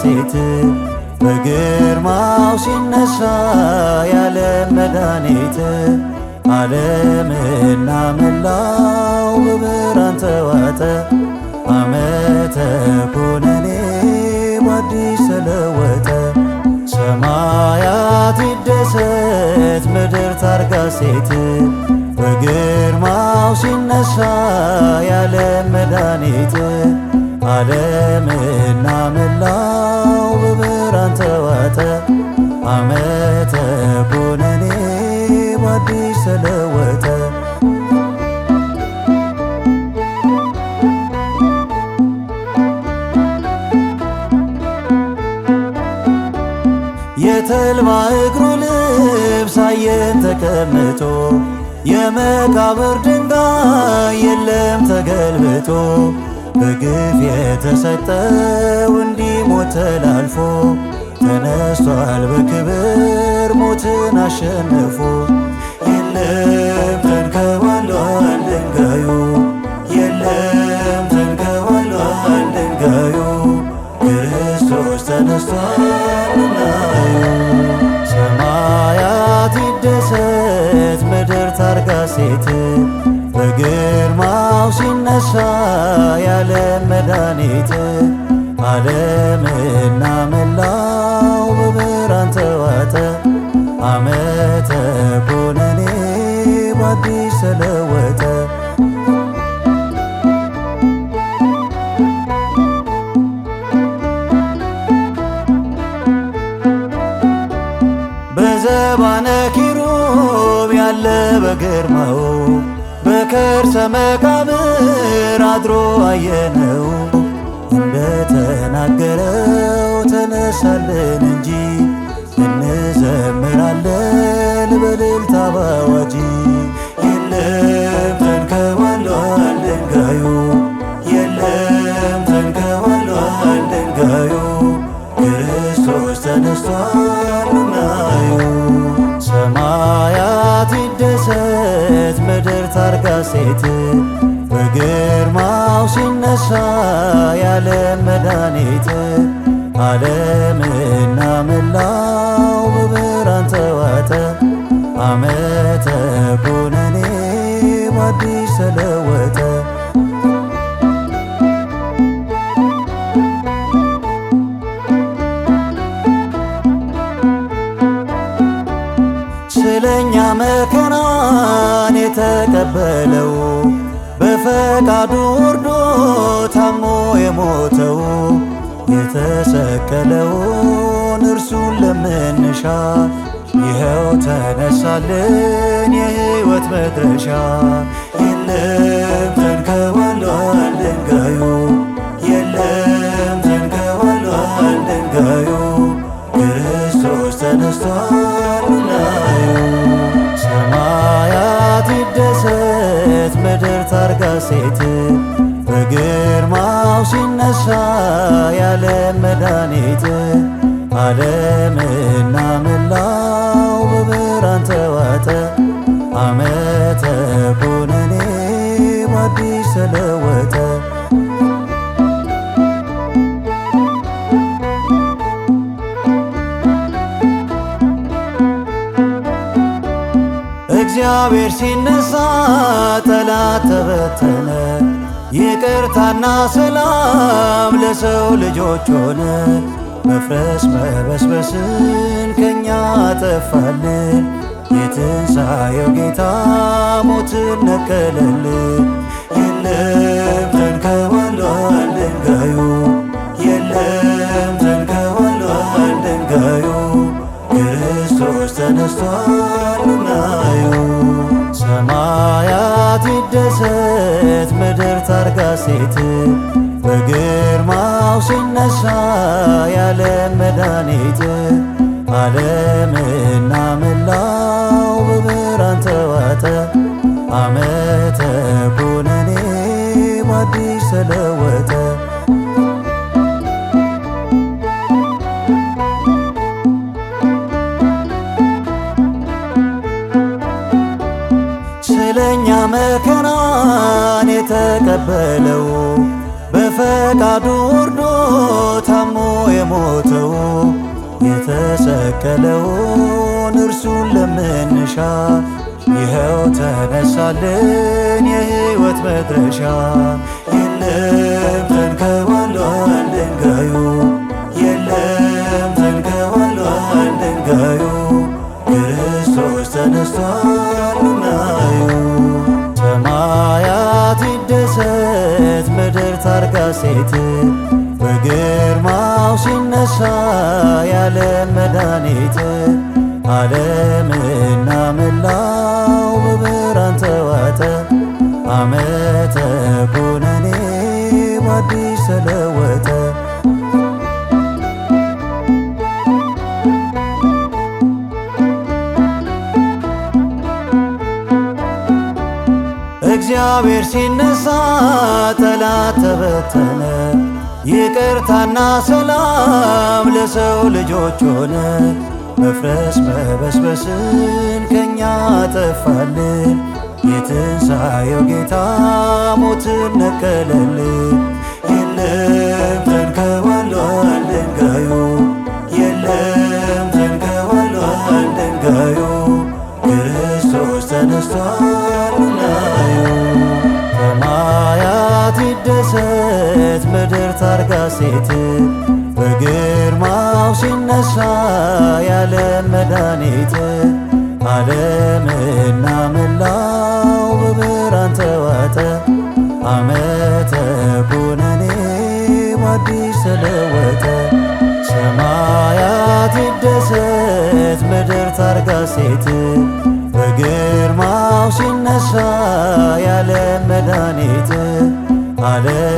ሴት በግርማው ሲነሳ ያለም መድኃኒት ዓለምና መላው በብርሃን ተዋጠ። ዓመተ ኩነኔ በአዲስ ተለወጠ። ሰማያት ይደሰት ምድር ታርጋ ሴት በግርማው ሲነሳ ያለም መድኃኒት ዓለምና መላው በብርሃን ተዋጠ። ዓመተ ኩነኔ በአዲስ ተለወጠ። የተልባ እግሩ ልብስ አየን ተቀምጦ የመቃብር ድንጋይ የለም ተገልብጦ በግፍ የተሰጠው እንዲሞት ተላልፎ ተነስቷል በክብር ሞትን አሸንፎ። የለም ተንከባሏል ድንጋዩ፣ የለም ተንከባሏል ድንጋዩ፣ ክርስቶስ ተነስቷል ናዩ። ሰማያት ይደሰት ምድር ታርጋ ሴት በግር የዓለም መድኃኒት ዓለምና መላው በብርሃን ተዋጠ። ዓመተ ኩነኔ በአዲስ ተለወጠ። በዘባነ ኪሩብ ያለ በግርማው ከርሰ መቃብር አድሮ አየነው እንደተናገረው ተነሳለን እንጂ እንዘምራለን በልልታ ባዋጂ የለም ተንከባሏል ድንጋዩ የለም ተንከባሏል ድንጋዩ ክርስቶስ ተነስቷል ናዩ ሰማያት ይደ አርጋ ሴት በግርማው ሲነሳ ያለም መድኃኒት ዓለምና መላው በብርሃን ተዋጠ አመተ መከራን የተቀበለው በፈቃዱ ወርዶ ታሞ የሞተው የተሰቀለውን እርሱን ለምንሻ ይኸው ተነሳልን የሕይወት መድረሻ። የለም ተንከባሏል ድንጋዩ፣ የለም ተንከባሏል ድንጋዩ፣ ክርስቶስ ተነስቷል እግዚአብሔር ሲነሳ ጠላት ተበተነ፣ ይቅርታና ሰላም ለሰው ልጆች ሆነ። መፍረስ መበስበስን ከእኛ ጠፋልን፣ የትንሣኤው ጌታ ሞትን ነቀለልን። የለም ተንከባሏል ድንጋዩ፣ የለም ተንከባሏል ድንጋዩ፣ ክርስቶስ ተነስቷል ትደሰት ምድር ታርጋ ሴት በግርማው ሲነሳ ያለ መድኃኒት ዓለምና ስለኛ መከራን የተቀበለው በፈቃዱ ወርዶ ታሞ የሞተው የተሰቀለውን እርሱን ለምንሻ ይኸው ተነሳልን የሕይወት መድረሻ የለም ተንከባሏል ድንጋዩ የለም ተንከባሏል ድንጋዩ ክርስቶስ ተነስቷል ሴት በግርማው ሲነሳ ያለ መድኃኒት ዓለምና መላ እግዚአብሔር ሲነሳ ጠላት ተበተነ፣ ይቅርታና ሰላም ለሰው ልጆች ሆነ። መፍረስ መበስበስን ከኛ ጠፋልን፣ የትንሣኤው ጌታ ሞትን ነቀለልን። የለም ተንከባሏል ድንጋዩ፣ የለም ተንከባሏል ድንጋዩ፣ ክርስቶስ ተነስቷልና ስትደሰት ምድር ታርጋ ሴት በግርማው ሲነሳ ያለ መድኃኒት ዓለምና መላው በብርሃን ተዋጠ። ዓመተ ኩነኔ በአዲስ ተለወጠ። ሰማያት ይደሰት ምድር ታርጋ ሴት በግርማው ሲነሳ Hare